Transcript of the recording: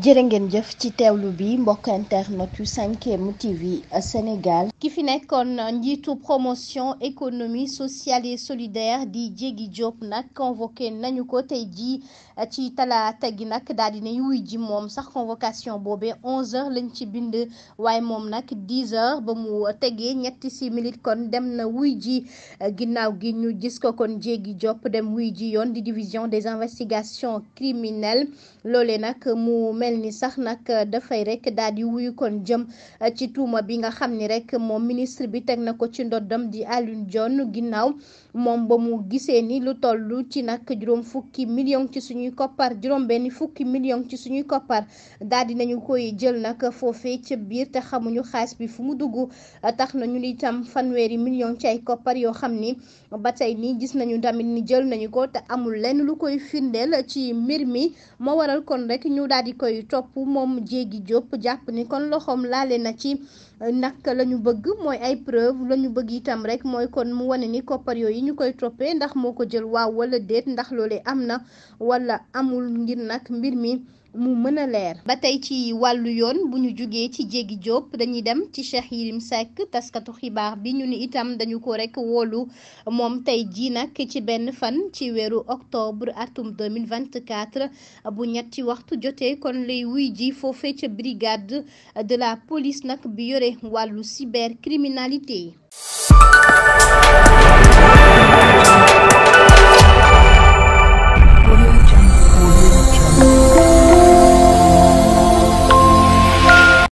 jërë ngeen jëf ci teewlu bi mbokk internet yu 5M TV Sénégal. ki fi nekkoon njiitu promotion économie sociale et solidaire di Diégui Diop nag convoqué nañu ko tey jii ci talaata gi nag daal di ne ji moom sax convocation boobee 11h lañ ci bind waaye moom nag 10h ba mu tegee ñetti simili kon dem na wuy ji ginnaaw gi ñu gis ko kon Diégui Diop dem wuy ji yoon di division des investigations criminelles loolee nag mu. mel ni sax nag euh, dafay rek daal di wuyu kon jëm euh, ci tuuma bi nga xam ni rek moom ministre bi teg na ko ci ndoddam di Alioune jonn ginnaaw moom ba mu gisee ni lu toll ci nag juróom fukki million ci suñuy koppar juróom benn fukki million ci suñuy koppar daal di nañu koy jël nag foofe ci biir te xamuñu xaalis bi fu mu dugg euh, tax na ñu ni fanweeri million ci ay koppar yoo xam ni ba tey nii gis nañu tamit ni jël nañu ko te amul lenn lu koy findeel ci mbir mi moo yi topp moom jéegi Diop jàpp ni kon loxoom laale na ci euh, nak lañu bëgg mooy ay preuve la ñu bëgg itam rek mooy kon mu wane ni koppar yooyu ñu koy toppee ndax moo ko jël waaw wala déet ndax loole am na walla amul ngir nag mbir mi. mu mën a leer ba tey ci wàllu yoon bu ñu jógee ci jéggi Diop dañuy dem ci Cheikh Yirim Seck taskatu xibaar bi ñu ni itam dañu ko rek woolu moom tey jii nag ci benn fan ci weeru octobre atum 2024 bu ñetti waxtu jotee kon lay wuy ji foofe ca brigade de la police nag bi yore wàllu cybercriminalité